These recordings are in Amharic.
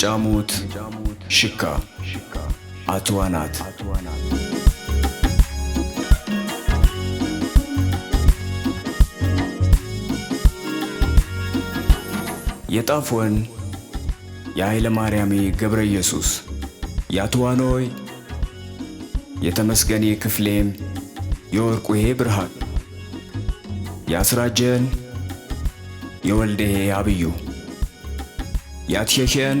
የጫሙት ሽካ አትዋናት የጣፍወን የኃይለ ማርያሜ ገብረ ኢየሱስ የአትዋኖይ የተመስገኔ ክፍሌም የወርቁሄ ብርሃን የአስራጀን የወልደሄ አብዩ ያትሸሸን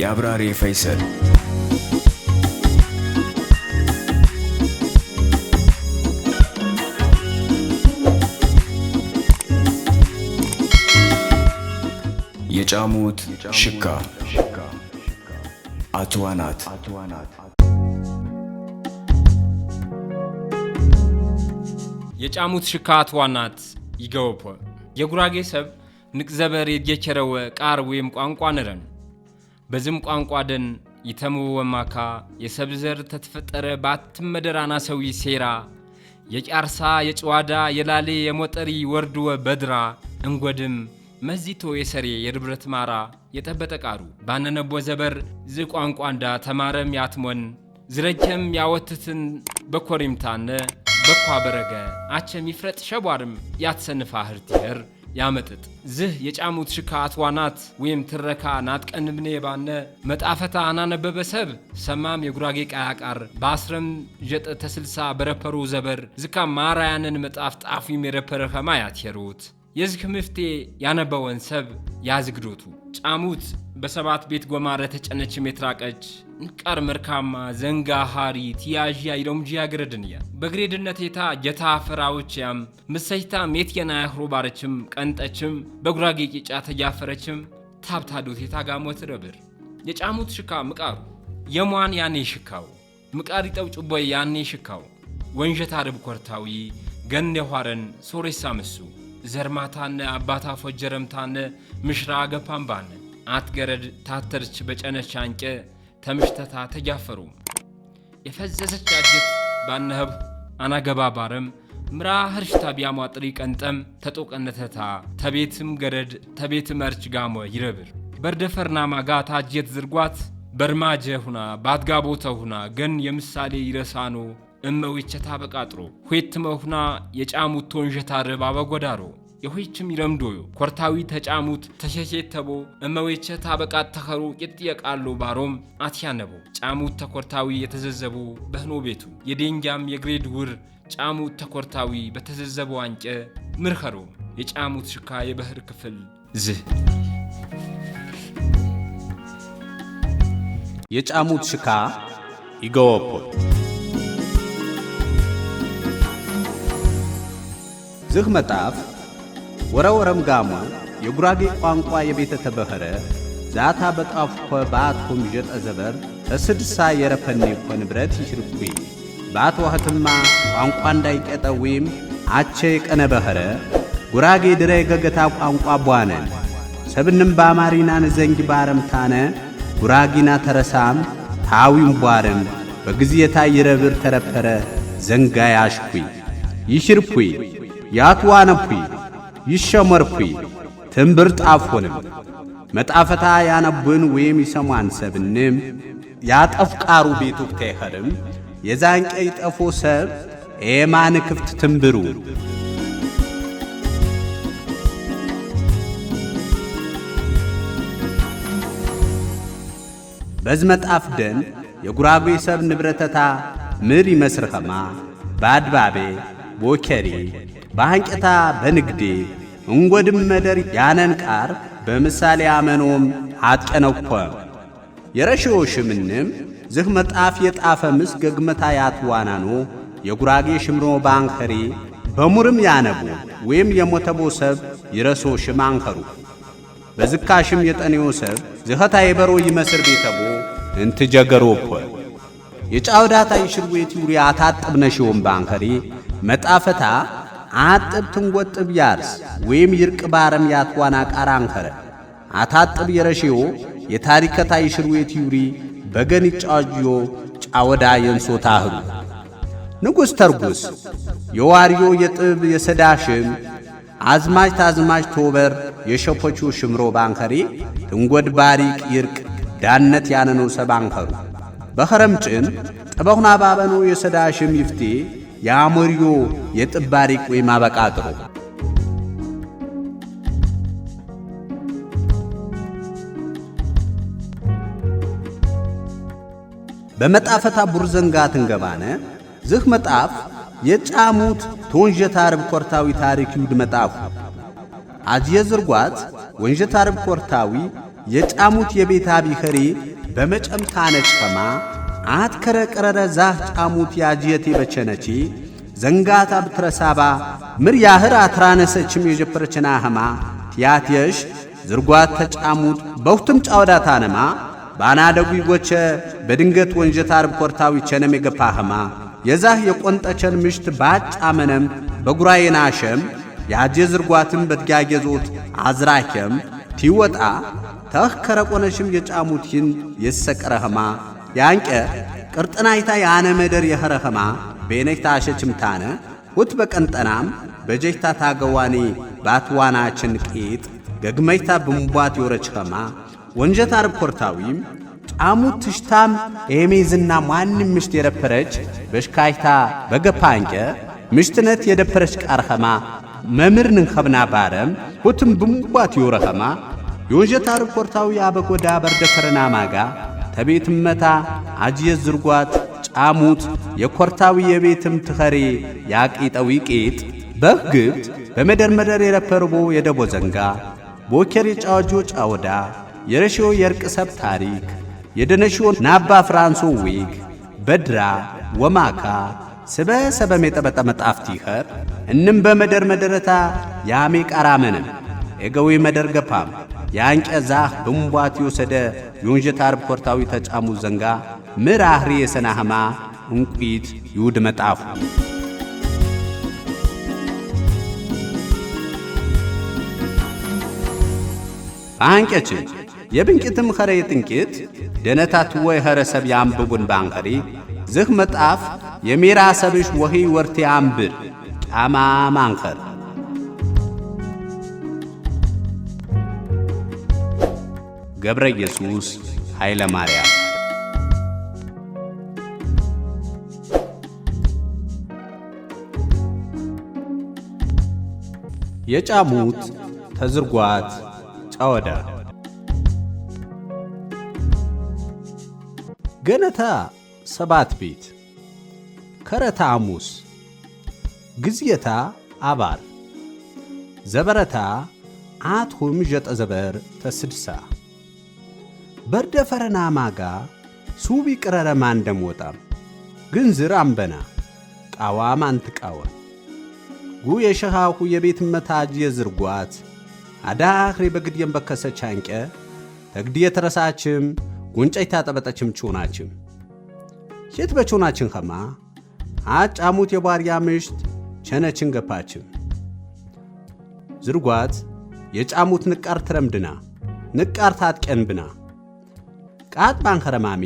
የአብራሪ ፈይሰል የጫሙት ሽካ አትዋናት የጫሙት ሽካ አትዋናት ይገወፖ የጉራጌ ሰብ ንቅዘበር የጌቸረወ ቃር ወይም ቋንቋ ነረን በዝም ቋንቋ ደን ይተምወማካ የሰብዘር ተትፈጠረ ባትመደራና ሰዊ ሴራ የጫርሳ የጭዋዳ የላሌ የሞጠሪ ወርድወ በድራ እንጎድም መዚቶ የሰሬ የርብረት ማራ የጠበጠቃሩ ባነነቦ ዘበር ዝ ቋንቋ እንዳ ተማረም ያትሞን ዝረጀም ያወትትን በኮሪምታነ በኳ በረገ አቸም ይፍረጥ ሸቧርም ያትሰንፋ ህርትየር ያመጥጥ ዝህ የጫሙት ሽካ አትዋናት ወይም ትረካ ናትቀንብኔ ባነ መጣፈታ አናነበበ ሰብ ሰማም የጉራጌ ቃያቃር በአስረም ዠጠ ተስልሳ በረፐሩ ዘበር ዝካ ማራያንን መጣፍ ጣፊም የረፐረ ኸማ ያትሄሩት የዝክ ምፍቴ ያነበወን ሰብ ያዝግዶቱ ጫሙት በሰባት ቤት ጎማረ ተጨነች የትራቀች ንቃር መርካማ ዘንጋ ሃሪ ቲያዥያ ይለምጂያ ገረድንያ በግሬድነት የታ ጀታ ፈራዎችያም ምሰይታ ሜትየና ያህሮ ባረችም ቀንጠችም በጉራጌ ቂጫ ተጃፈረችም ታብታዶት የታ ጋሞት ረብር የጫሙት ሽካ ምቃሩ የሟን ያኔ ሽካው ምቃሪ ጠውጭ ቦይ ያኔ ሽካው ወንጀታ ርብ ኮርታዊ ገን የኋረን ሶሬሳ ምሱ ዘርማታነ አባታ ፎጀረምታነ ምሽራ ገፓምባነ አትገረድ ታተርች በጨነች አንቄ ተምሽተታ ተጃፈሩ የፈዘሰች አጅት ባነህብ አናገባ ባረም ምራ ህርሽታ ቢያሟጥሪ ቀንጠም ተጦቀነተታ ተቤትም ገረድ ተቤት መርች ጋሞ ይረብር በርደፈርና ማጋታ ጀት ዝርጓት በርማጀ ሁና ባትጋ ቦተ ሁና ግን የምሳሌ ይረሳኑ እመዊቸታ በቃጥሮ ሁትመ ሁና የጫሙት ቶንዠታ ርባ በጎዳሮ የሆይችም ይረምዶዩ ኮርታዊ ተጫሙት ተቦ እመዌቸ ታበቃት ተኸሩ የጥየቃሉ ባሮም አትያነቦ ጫሙት ተኮርታዊ የተዘዘቡ በህኖ ቤቱ የዴንጃም የግሬድ ውር ጫሙት ተኮርታዊ በተዘዘቡ አንጨ ምርኸሩ የጫሙት ሽካ የበህር ክፍል ዝህ የጫሙት ሽካ ይገወፖ ዝህ መጣፍ ወረወረም ጋማ የጉራጌ ቋንቋ የቤተ ተበኸረ ዛታ በጣፍኮ በአትኩም ዠጠ ዘበር ተስድሳ የረፈኔ ኮ ንብረት ይሽርኩይ በአት ዋህትማ ቋንቋ እንዳይቀጠ አቸ የቀነ በኸረ ጉራጌ ድረ የገገታ ቋንቋ ቧነን ሰብንም በአማሪናን ዘንግ ባረምታነ ጉራጊና ተረሳም ታዊም ቧረም በግዚየታ ይረብር ተረፈረ ዘንጋ ያሽኩይ ይሽርኩይ ያትዋነኩይ ይሸመርኩኝ ትንብርጥ አፍሆንም መጣፈታ ያነቡን ወይም ይሰሟን ሰብንም ያጠፍቃሩ ቤቱ ተይኸርም የዛንቀይ ጠፎ ሰብ ኤማን ክፍት ትንብሩ መጣፍ ደን የጉራጌ ሰብ ንብረተታ ምር ይመስርኸማ በአድባቤ ቦኬሪ በአንቄታ በንግዴ እንጐድም መደር ያነን ቃር በምሳሌ አመኖም አጠነኮ የረሺዮ ሽምንም ዝህ መጣፍ የጣፈ ምስ ገግመታ ያትዋናኖ የጉራጌ ሽምሮ ባንከሬ በሙርም ያነቡ ወይም የሞተቦ ሰብ ይረሶ ሽም አንከሩ በዝካሽም የጠኔዮ ሰብ ዝኸታ የበሮ ይመስር ቤተቦ እንትጀገሮ ኮ የጫውዳታ ይሽርዌት ዩሪያ ታጥብነሽዮም ባንከሬ መጣፈታ አጥብትን ጐጥብ ያርስ ወይም ይርቅ ባረም ያትዋን አቃር አንከረ አታጥብ የረሽዮ የታሪከታ ይሽሩ የትዩሪ በገን ይጫጅዮ ጫወዳ የንሶ ታህሩ ንጉሥ ተርጉስ የዋርዮ የጥብ የሰዳሽም አዝማች ታዝማች ቶበር የሸፖቹ ሽምሮ ባንከሬ ትንጐድ ባሪቅ ይርቅ ዳነት ያነነው ሰባንከሩ በኸረምጭን ጥበኹና ባበኖ የሰዳሽም ይፍቴ የአሞሪዮ የጥባሪቅ ወይም አበቃጥሮ በመጣፈታ ቡርዘንጋ ትንገባነ ዝህ መጣፍ የጫሙት ተወንጀታ አርብ ኮርታዊ ታሪክ ይውድ መጣፉ አጅየ ዝርጓት ወንጀታ አርብ ኮርታዊ የጫሙት የቤታ ቢኸሬ ነጭ ከማ አትከረ ቀረረ ዛህ ጫሙት ያጅየት የበቸነቺ ዘንጋታ ብትረሳባ ምር ያህር አትራነሰችም የጀፐረችና ህማ ቲያትየሽ ዝርጓት ተጫሙት በውትም ጫወዳታ ነማ ባናደጉ ይጐቸ በድንገት ወንጀት አርብ ኮርታዊ ቸነም የገፋ ህማ የዛህ የቈንጠቸን ምሽት ባጫመነም በጉራየናሸም ያጀ ዝርጓትም በትጋጌዞት አዝራኬም ቲወጣ ተኽ ከረቈነሽም የጫሙትን የሰቀረ ህማ ያንቀ ቅርጥናይታ የአነ መደር የኸረኸማ ቤነይታ አሸችምታነ ሁት በቀንጠናም በጀይታ ታገዋኒ ባትዋናችን ቂጥ ገግመይታ ብምቧት ይወረችኸማ ወንጀት አርብ ኮርታዊም ጣሙ ትሽታም ኤሜዝና ማንም ምሽት የረፈረች በሽካይታ በገፓ አንቄ ምሽትነት የደፈረች ቃርኸማ መምህር ንንኸብና ባረም ሁትም ብምቧት ይወረኸማ የወንጀት አርብ ኮርታዊ አበጎዳ በርደፈረና ማጋ ተቤት መታ አጅየ ዝርጓት ጫሙት የኰርታዊ የቤትም ትኸሬ ያቂጠዊ ቄጥ በግብት በመደርመደር የረፐርቦ የደቦ ዘንጋ ቦኬር የጫዋጆ ጫወዳ የረሽዮ የርቅ ሰብ ታሪክ የደነሺዮ ናባ ፍራንሶ ዊግ በድራ ወማካ ስበ ሰበም የጠበጠ መጣፍ ቲኸር እንም በመደር መደረታ ያሜ ቃራመንም የገዊ መደር ገፓም የአንቄ ዛህ ብምቧት የወሰደ ዮንጀታርብ ኮርታዊ ተጫሙ ዘንጋ ምራህሪ የሰናህማ እንቁት ይውድ መጣፉ አንቄችን የብንቂትም ኸረ የጥንቂት ደነታት ወይ ኸረ ሰብ ያንብቡን ባንኸሪ ዝህ መጣፍ የሜራ ሰብሽ ወሂ ወርቴ አንብር ቃማ ማንኸር ገብረ ኢየሱስ ኃይለ ማርያም የጫሙት ተዝርጓት ጫወዳ ገነታ ሰባት ቤት ከረታ አሙስ ግዝየታ አባር ዘበረታ አትሁም ዠጠ ዘበር ተስድሳ በርደ ፈረና ማጋ ሱቢ ቅረረማ እንደሞጣም ግንዝር አንበና ማን አንትቃወን ጉ የሸኻኹ የቤት መታጅ የዝርጓት አዳኽሬ በግድየም በከሰች አንቀ ተግድ የተረሳችም ጉንጨይ ታጠበጠችም ቾናችም ሴት በቾናችን ኸማ አጫሙት የባርያ ምሽት ቸነችን ገፓችም ዝርጓት የጫሙት ንቃር ትረምድና ንቃር ታጥቀንብና ቃጥ ባንከረማሚ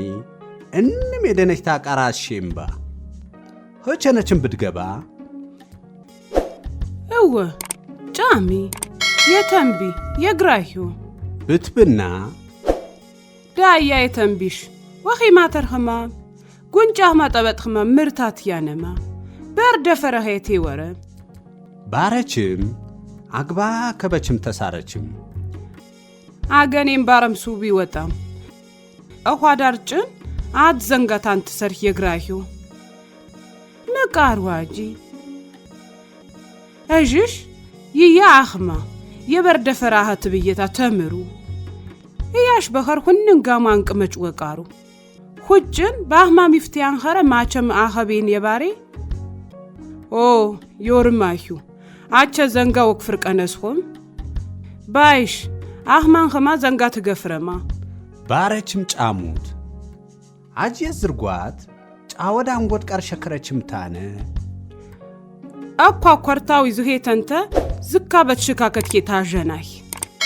እንም የደነችታ ቃራት ሼምባ ሆቸነችን ብትገባ እወ ጫሚ የተንቢ የግራሂዮ ብትብና ዳያ የተንቢሽ ወኺ ማተርኸማ ጉንጫህ ማጠበጥኸማ ኸማም ምርታት ያነማ ደፈረኸ የቴ ወረ ባረችም አግባ ከበችም ተሳረችም አገኔም ባረምሱ ቢወጣም ጭን አት ዘንጋታን ትሰርሕ የግራሂዩ ዋጂ እዥሽ ይያ አኽማ የበርደ ፈራሃ ትብየታ ተምሩ እያሽ በኸር ሁንን ጋማ ቅመጭ ወቃሩ ሁጭን በአህማ ሚፍትያን ኸረ ማቸም አኸቤን የባሬ ኦ ዮርማሂዩ አቸ ዘንጋ ወክፍር ቀነስኹም ባይሽ አህማን ኸማ ዘንጋ ትገፍረማ ባረችም ጫሙት አጅየት ዝርጓት ጫወዳ አንጎድ ቀር ሸከረችም ታነ አኳ ኳርታዊ ዙሄ ተንተ ዝካ በትሽካከት የታዠናይ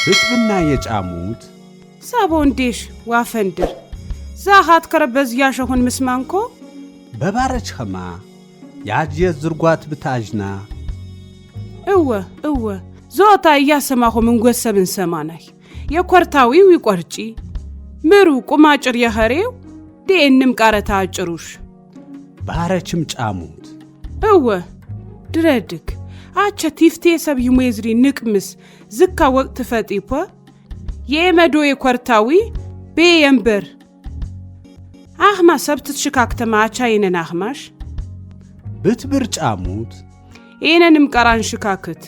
ህዝብና የጫሙት ሳቦ እንዴሽ ዋፈንድር ዛሃት ከረበዝ ያሸሁን ምስማንኮ በባረች ኸማ የአጅየ ዝርጓት ብታዥና እወ እወ ዞታ እያሰማሁ ምንጎሰብን ሰማናይ የኮርታዊው ይቈርጪ ምሩ ቁማጭር የኸሬው ዴንም ቃረታ አጭሩሽ ባረችም ጫሙት እወ ድረድግ አቸ ቲፍቴ ሰብይ ሞዝሪ ንቅምስ ዝካ ወቅት ፈጢፖ የመዶ የኮርታዊ ቤ ቤየንበር አህማ ሰብት ትሽካክተማ አቻ የነን አህማሽ ብትብር ጫሙት ኤነንም ቀራን ሽካክት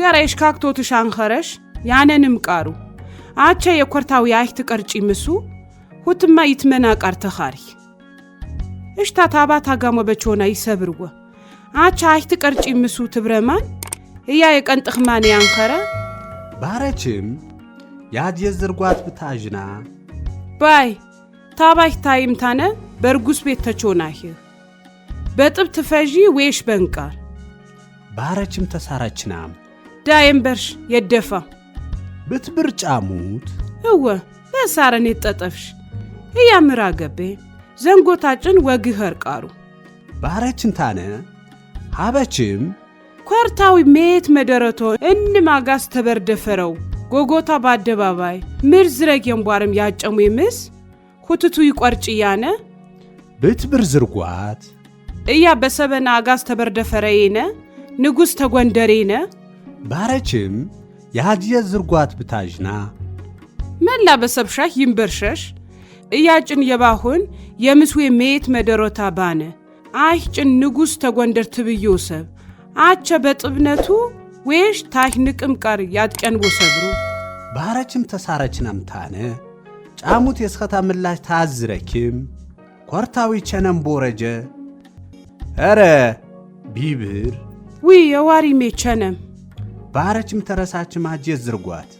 ገራ የሽካክቶትሽ አንኸረሽ ያነንም ቃሩ አቸ የኰርታዊ አይህ ትቀርጪ ምሱ ሁትማ ይትመና ቃር ተኻሪ እሽታ ታባ ታጋሞ በቾና ይሰብርወ አቸ አይህ ትቀርጪ ምሱ ትብረማን እያ የቀን ጥኽማን ያንኸረ ባረችም ያድ የዝርጓት ብታዥና ባይ ታባይ ታይም ታነ በርጉስ ቤት ተቾናህ በጥብ ትፈዢ ወይሽ በንቃር ባረችም ተሳራችናም ዳየምበርሽ የደፋ ብትብር ጫሙት እወ በሳረን የጠጠፍሽ እያምራ ገቤ ዘንጎታጭን ወግኸር ቃሩ ባረችን ታነ ሀበችም ኰርታዊ ሜት መደረቶ እንማጋስ ተበርደፈረው ጎጎታ በአደባባይ ምር ዝረግ የንቧርም ያጨሙ ይምስ ሁትቱ ይቈርጭ እያነ ብትብር ዝርጓት እያ በሰበና አጋስ ይነ ንጉሥ ተጐንደሬነ ባረችም የሐጅየት ዝርጓት ብታዥና መላ በሰብሻህ ይንበርሸሽ እያጭን የባሁን የምስዌ ሜት መደሮታ ባነ አይጭን ንጉሥ ተጐንደር ትብዮ ሰብ አቸ በጥብነቱ ዌሽ ታህ ንቅም ቀር ያጥቀን ወሰብሩ ባረችም ተሳረች አምታነ ጫሙት የስኸታ ምላሽ ታዝረኪም ኰርታዊ ቸነም ቦረጀ ኧረ ቢብር ዊ የዋሪሜ ቸነም ባረችም ተረሳችም አጄት ዝርጓት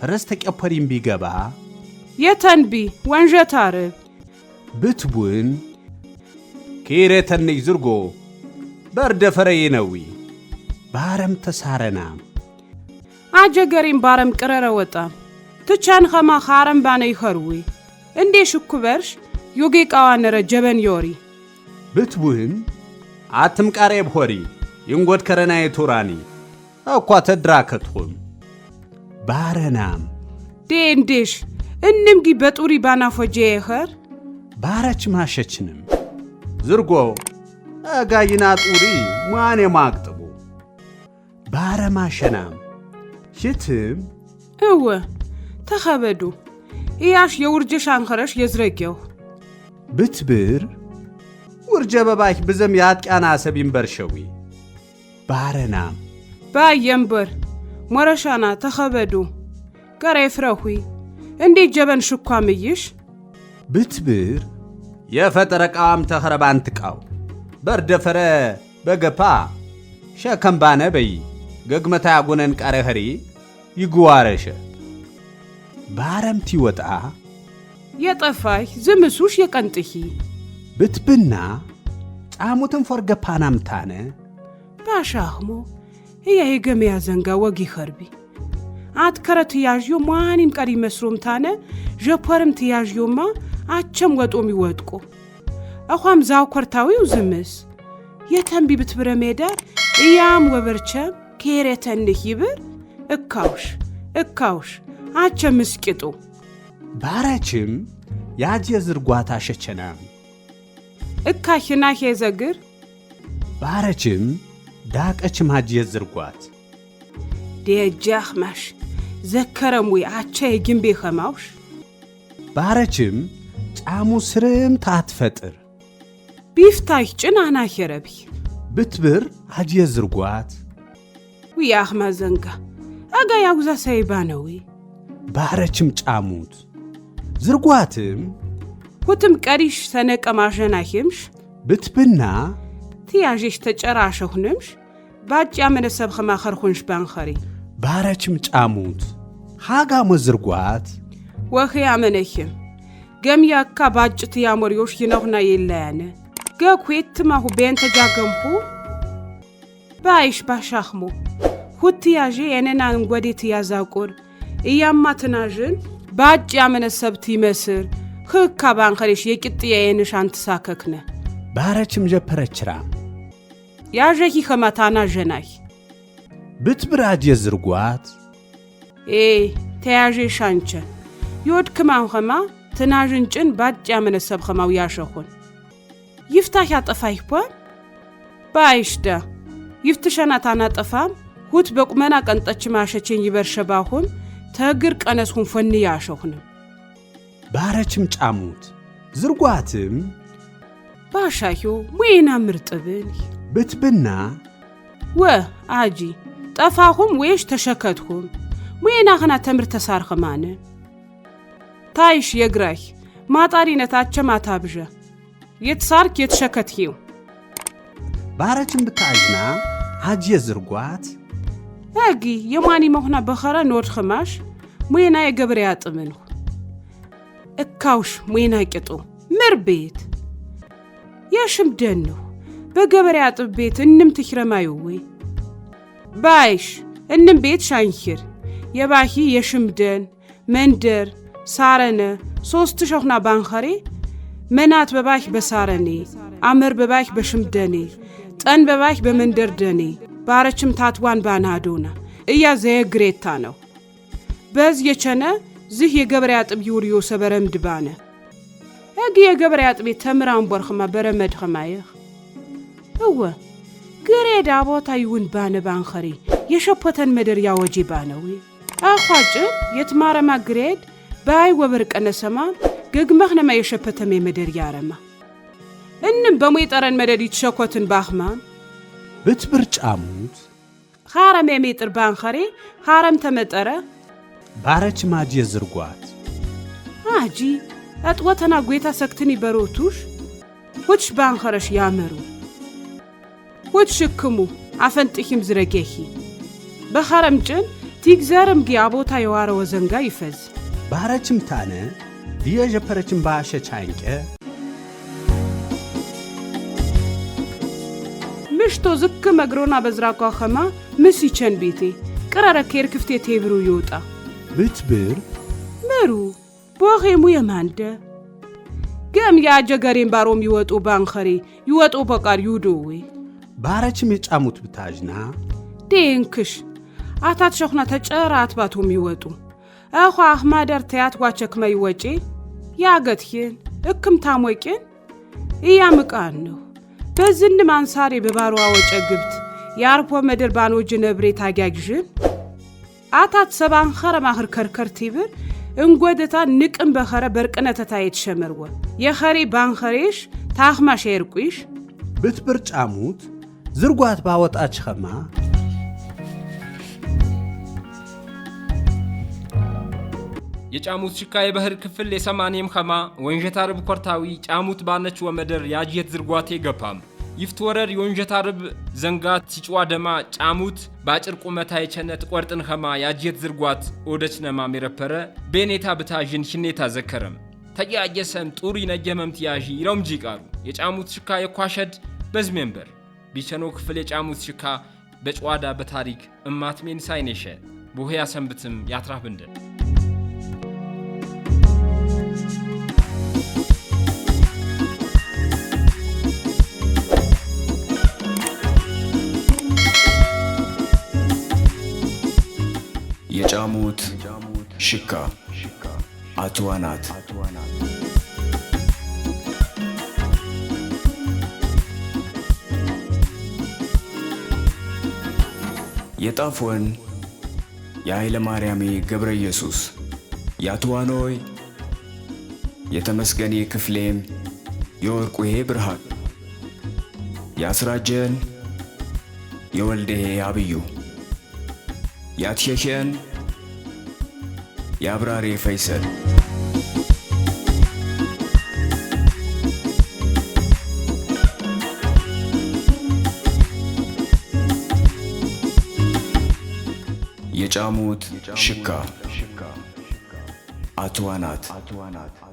ፈረስ ተቀፐሪም ቢገባ የተንቢ ወንዠት ብትቡን ብትውን ኬረ ተንይ ዝርጎ በርደፈረዬ ነዊ ባረም ተሳረናም ኣጀገሪም ባረም ቅረረ ወጣ ትቻን ኸማ ኻረም ባነ ይኸርዊ እንዴ ሽኩ በርሽ ዮጌ ቃዋ ነረ ጀበን ዮሪ ብትቡህን ኣትም ቃሬብ ሆሪ ይንጐድ ከረናዬ ቱራኒ እኳ ተድራከትኹም ባረናም ዴ እንዴሽ እንምጊ በጡሪ ባና ፎጄ የኸር ባረች ማሸችንም ዝርጎ አጋይና ጡሪ ማን የማቅጥቡ ባረ ማሸናም የትም እወ ተኸበዱ እያሽ የውርጀሽ ሻንኸረሽ የዝረጌው ብትብር ውርጀ በባይ ብዘም የአጥቃና ሰብ ይንበርሸዊ ባረና ባረናም ሞረሻና ተኸበዱ ቀረ ፍረሁይ እንዴት ጀበን ሽኳ ምይሽ ብትብር የፈጠረ ቃዋም ተኸረባን ትቃው በርደፈረ በገፓ ሸከምባነ በይ ገግመታ ያጎነን ቃረ ኸሪ ባረምቲ ወጣ የጠፋይ ዝምሱሽ የቀንጥሂ ብትብና ጣሙትን ፎርገ ፓናምታነ ባሻህሞ እያሄ ገመያ ዘንጋ ወጊ ኸርቢ አትከረ ትያዥዮ ማኒም ቀሪ መስሮም ታነ ዠፖርም ትያዥዮማ አቸም ወጦም ይወጥቆ እኳም ዛው ኰርታዊው ዝምስ የተንቢ ብትብረ ሜዳ እያም ወበርቸም ኬሬተንህ ይብር እካውሽ እካውሽ አቸ ምስቅጡ ባረችም ያጅ ዝርጓታ ሸቸነ እካሽና ሄዘግር ባረችም ዳቀችም አጅ ዝርጓት ደጃህ ዘከረም ወይ አቸ የግንቤ ኸማውሽ ባረችም ጫሙ ስርም ታትፈጥር ቢፍታሽ ጭናና ሄረቢ ብትብር አጅ ዝርጓት የአኽማ መዘንጋ አጋ ያጉዛ ሰይባነዊ ባሕረችም ጫሙት ዝርጓትም ሁትም ቀሪሽ ሰነቀ ሰነቀማሸናሂምሽ ብትብና ትያዤሽ ተጨራሸኹንምሽ ባጭ ያመነሰብ ኸማኸርኹንሽ ባንኸሪ ባረችም ጫሙት ሃጋ መዝርጓት ወኸ ያመነኽም ገምያካ ያካ ባጭ ትያሞሪዮሽ ይነኹና የለያነ ገ ኲትማሁ ቤንተጃገምኹ ባይሽ ባሻኽሞ ያዥ የነናን ጐዴት ያዛቁር እያማትናዥን በአጭ ያመነሰብት ይመስር ክካ ባንኸሌሽ የቅጥያ የንሽ አንትሳከክነ ባረችም ጀፐረችራ ያዠኪ ኸማታና ዠናይ ብትብራጅ የዝርጓት ኤ ተያዥ ሻንቸ ይወድ ክማን ኸማ ትናዥን ጭን ባጭ ያመነሰብ ኸማው ያሸኹን ይፍታህ ያጠፋ ይኳን ባይሽደ ይፍትሸናታና ጠፋም ሁት በቁመና ቀንጠች ማሸቼን ይበርሸ ይበርሸባሆም ተግር ቀነስሁን ፈን ያሸሁን ባረችም ጫሙት ዝርጓትም ባሻዮ ወይና ምርጥብን ብትብና ወ አጂ ጠፋሁም ወየሽ ተሸከትሁም ሙዬና ኸና ተምር ተሳርኸማነ ታይሽ የግራይ ማጣሪነታቸ ማታብዠ የትሳርክ የትሸከትኺው ባረችም ብታአጅና አጅየ ዝርጓት egi የማኒ መሆና በኸረ ንወድኸማሽ ሙየና የገብርያ ጥምኑ እካውሽ ሙየና ቂጡ ምር ቤት የሽም ደኑ በገበሬ ጥብ ቤት እንም ትሽረማይዌ ባይሽ እንም ቤት ሻንሽር የባሂ የሽምደን መንደር ሳረነ ሶስት ሸኹና ባንኸሬ መናት በባሽ በሳረኔ አመር በባሽ በሽምደኔ ጠን በባሽ በመንደር ደኔ ባረችም ታትዋን ባናዶና እያ ዘየ ግሬታ ነው በዝ የቸነ ዝህ የገበሬ አጥብ ይውርዮ ሰበረም ድባነ ሕጊ የገበሬ አጥብ ተምራን ቦርኸማ በረመድኸማ ይኽ እወ ግሬ ዳቦታ ይውን ባነ ባንኸሪ የሸፖተን መደር ያወጂ ባነዊ አኳጭን የትማረማ ግሬድ በአይ ወበር ቀነሰማ ነማ የሸፐተሜ መደር ያረማ እንም በሙይጠረን መደድ ይትሸኮትን ባኽማ ብትብርጫሙት ኻረም የሜጥር ባንኸሬ ኻረም ተመጠረ ባረች ማጅ የዝርጓት አጂ አጥወተና ጐታ ሰክትኒ በሮቱሽ ሆትሽ ባንኸረሽ ያመሩ ሆት ሽክሙ አፈንጥኺም ዝረጌኺ በኸረም ጭን ቲግዘርም ጊ አቦታ የዋረ ወዘንጋ ይፈዝ ባረችም ታነ ዲየ ዠፐረችም ባሸቻንቄ ምሽቶ ዝክ መግሮና በዝራ ኳኸማ ምስ ይቸን ቤቴ ቅረረ ኬር ክፍቴ ቴብሩ ይውጣ ብትብር ምሩ ቦኼሙ የማንደ ገም ያ ጀገሬን ባሮም ይወጡ ባንኸሬ ይወጡ በቃር ይውዶዌ ባረችም የጫሙት ብታዥና ዴንክሽ አታት ሸኹና ተጨራ አትባቶም ይወጡ አኹ አኽማደር ተያት ጓቸክመ ይወጬ ያገትዬን እክም ታሞቄን እያምቃን ነው በዝን በዝንም አንሳሬ አወጨ ግብት የአርፖ መደር ባኖጅ ነብሬ ታጊያግዥን አታት ሰባን ኸረ ማኽር ከርከር ቲብር እንጐደታ ንቅም በኸረ በርቅነተታ የተሸመርወ የኸሬ ባንኸሬሽ ታኽማሽ የርቁሽ ብትብር ጫሙት ዝርጓት ባወጣች ኸማ የጫሙት ሽካ የበህር ክፍል የሰማኔም ኸማ ወንዠታርብ ኮርታዊ ጫሙት ባነች ወመደር ያጅየት ዝርጓቴ ገፓም ይፍት ወረር የወንዠታርብ ዘንጋት ሲጭዋ ደማ ጫሙት ባጭር ቁመታ የቸነት ቆርጥን ኸማ ያጅየት ዝርጓት ኦደች ነማ ሜረፐረ ቤኔታ ብታዥን ሽኔታ ዘከረም ተያየሰም ጡሪ ነጀመምት ያዢ ይረምጂ ጂቃሩ የጫሙት ሽካ የኳሸድ በዝሜንበር ቢቸኖ ክፍል የጫሙት ሽካ በጨዋዳ በታሪክ እማትሜን ሳይኔሸ ቦሄ ያሰንብትም ያትራፍ ብንደን የሚጫሙት ሽካ አትዋ የጣፎን የኃይለ ማርያሜ ገብረ ኢየሱስ የአትዋኖይ የተመስገኔ ክፍሌም የወርቁሄ ብርሃን የአስራጀን የወልደሄ አብዩ ያትሸሸን የአብራሪ ፈይሰል የጫሙት ሽካ አትዋናት